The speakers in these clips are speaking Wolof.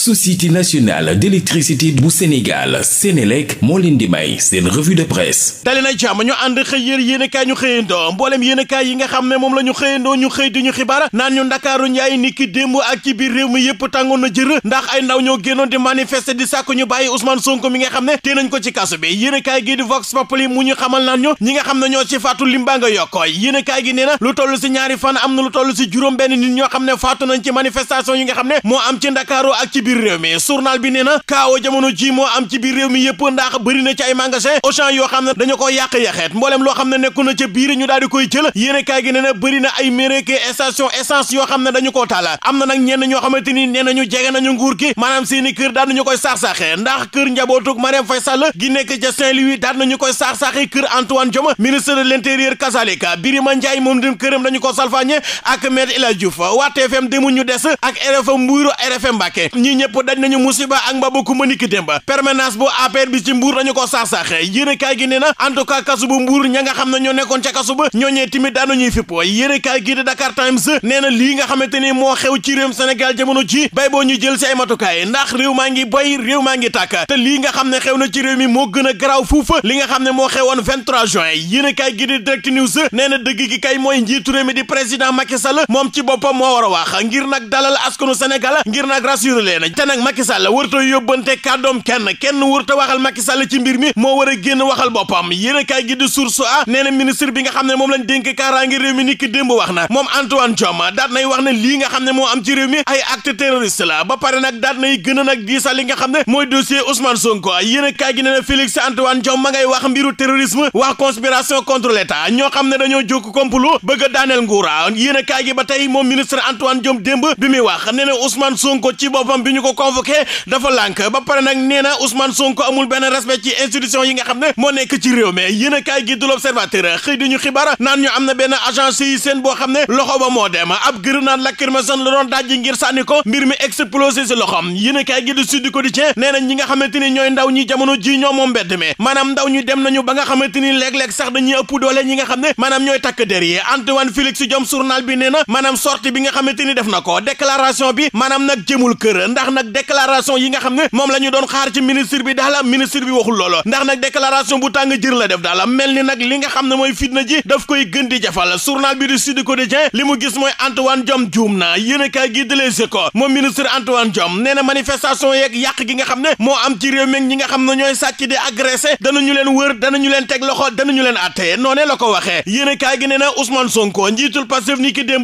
société nationale d'électricité bu Sénégal Sénélec moo leen di may seen revue de presse dali na jàmm ñu ànd xëy yér yéenekaay ñu xëyandoo mbooleem yéenekaay yi nga xam ne moom la ñu xëyandoo ñu xëy di ñu xibaar naan ñu ndakaaru njaay niki démb ak ci biir réew mi yëpp tàngoon na jër ndax ay ndaw ñoo génnoon di manifester di sàkku ñu bàyyi Ousmane Sonko mi nga xam ne tee nañ ko ci kaso bi yéenekaay gi di Vox Populi mu ñu xamal naan ñu ñi nga xam ne ñoo ci faatu limbaa nga yokkoo yéenekaay si ñaari fan lu toll si juróom benn nit ñoo xam ne faatu nañ yi nga xam ne moo am ci biir réew mi journal bi nee na kaawo jamono ji moo am ci biir réew mi yëpp ndax bëri na ci ay magasin Auchan yoo dañu ko yàq-yaxeet mbooleem loo xam ne nekku na biir ñu daal koy jël yéene kaay gi nee ay méréke station essence yoo xam ne dañu koo taal am na nag ñenn ñoo xamante ni nee nañu jege nañu nguur gi maanaam seeni kër daan nañu koy saax-saaxee ndax kër njabootug Marième Faye Sall gi nekk ca Saint-Louis daan nañu koy saax-saaxee kër Antoine Diome ministre ñëpp daj nañu musiba ak mbabu ku mëniki démba permanence bu APR bi ci mbuur dañu ko saax-saaxe yéene kaay gi nee na en tout cas kasu bu mbuur ña nga xam ne ñoo nekkoon ca kasu ba ñooñee timit daanuñuy fippoo yéene kaay gi di Dakar Times nee na lii nga xamante ni moo xew ci réewum Sénégal jamono ci bay boo ñu jël si ay matukaay ndax réew maa ngi boy réew maa ngi tàkk te lii nga xam ne xew na ci réew mi moo gën a garaaw fuufa li nga xam ne moo xewoon 23 juin yéene kaay gi di Direct News nee na dëgg gi kay mooy njiitu réew di président Macky Sall moom ci boppam moo war a wax ngir nag dalal askanu Sénégal ngir nag rassurer leen te nag Macky Sall wërta yóbbante kàddoom kenn kenn wërta waxal Macky Sall ci mbir mi moo war a waxal boppam yéen a kaay gi di a nee ministre bi nga xam ne moom la dénk kaaraange réew mi ni ki wax na moom Antoine Diome daat nay wax ne lii nga xam ne moo am ci réew mi ay acte terroriste la ba li nga xam ne mooy dossier Ousmane Sonko a kaay gi nee na Félix Antoine Diome ma ngay wax mbiru terrorisme wax conspiration contre l'État ñoo xam ne dañoo jóg complot bëgg a daaneel nguura yéen a ba tey moom ministre Antoine Diome bi muy wax nee na Ousmane Sonko ci boppam ñu ko convoqué dafa lànk ba pare nag nee na Ousmane amul benn respect ci yi nga xam ne moo nekk ci réew mi yéen a kaay gi du l'observateur xëy ñu xibaar naan ñu am na benn agence yi seen boo xam ne loxo ba moo dem ab gërëm naan lacrymogène la doon dajji ngir sànni ko mbir mi explosé si loxom yéen a kaay gi du Sud Quotidien nee na ñi nga xamante ni ñooy ndaw ñi jamono ji ñoo moom mbedd mi ndaw ñu dem nañu ba nga xamante ni léeg sax dañuy ëpp ñi nga xam ne maanaam ñooy takk der yi Antoine Félix Diome journal bi nee na maanaam sortie bi nga xamante ni def na ko déclaration bi maanaam nag jëmul kër ndax ndax nag déclaration yi nga xam ne moom la ñu doon xaar ci ministre bi daala ministre bi waxul loola ndax nag déclaration bu tàng jër la def daala mel ni nag li nga xam ne mooy fitna ji daf koy gën di jafal journal bi di Sud Quotidien li mu gis mooy ant Diome juum na yéen a kaay gi dalee na manifestation yeeg yàq gi nga xam ne moo am ci réew ñi nga xam ne ñooy sàcc di agressé danañu leen wër danañu leen teg loxo danañu leen attee noonee la ko waxee yéen a kaay gi nee na Ousmane Sonko njiitul Pastef ni ki na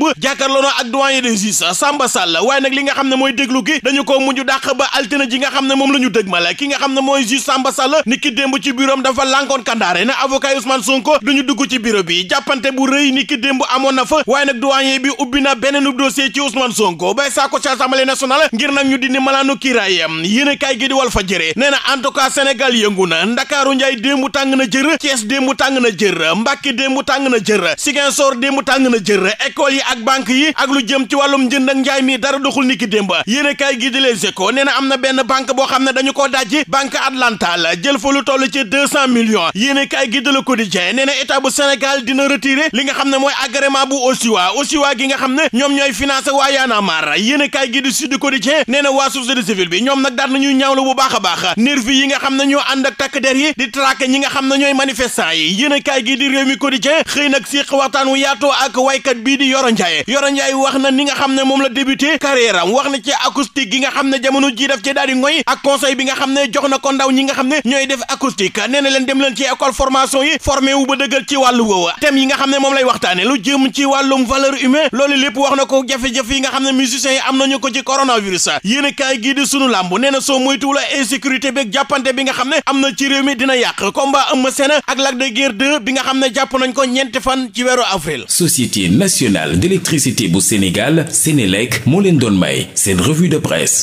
li nga xam ne mooy déglu gi koo mujj dàq ba altine ji nga xam ne moom la ñu dëgmal ki nga xam ne mooy juge Samba Sall ni ki démb ci bureau am dafa lànkoon kandaare ne avocat yi Ousmane Sonko ñu dugg ci bureau bi jàppante bu rëy ni ki démb amoon na fa waaye nag doyen bi ubbi na beneen dossier ci Ousmane Sonko bay saako ci assemblée nationale ngir nag ñu di dindi malaanu kiiraayam yéen kay gi di wal fa jëre nee na en tout cas Sénégal yëngu na Ndakaaru njaay démb tàng na jër Thiès démb tàng na jër Mbàkke démb tàng na jër Ziguinchor démb tàng na jër école yi ak banque yi ak lu jëm ci wàllum njënd mi dara doxul ni ki Les Échos nee na am na benn banque boo xam ne dañu koo dajji banque Atlanta la jël fa lu toll ci deux cent millions yéen a kaay gi de Le Quotidien nee dina retirer li nga xam ne mooy agrément bu OSIWA OSIWA gi nga xam ne ñoom ñooy financé waa Y'en a marre yéen a kaay gi du Sud Quotidien nee na waa société bi ñoom nag daan nañuy ñaawlu bu baax a baax nervi yi nga xam ne ñoo ànd takk der yi di traqué ñi nga xam ne ñooy manifestant yi yéen a kaay gi di di Yoro la débuté nga xam ne jamono ji daf ci daal di ngoy ak conseil bi nga xam ne jox na ko ndaw ñi nga xam ne ñooy def acoustique nee leen dem leen ci école formation yi formé wu ba dëggal ci wàllu woowa thème yi nga xam ne moom lay waxtaane lu jëm ci wàllum valeur humaine loolu lépp wax na ko jafe-jafe yi nga xam ne musiciens yi am nañu ko ci coronavirus yéen kaay gii di sunu làmb nee soo moytuwul insécurité beeg bi nga xam ne am na ci réew mi dina yàq combat Eumeu Sène ak Lac de Guiers bi nga xam ne jàpp nañ ko ñeenti fan ci weeru avril Société nationale d'électricité bu Sénégal Sénélec moo leen doon may seen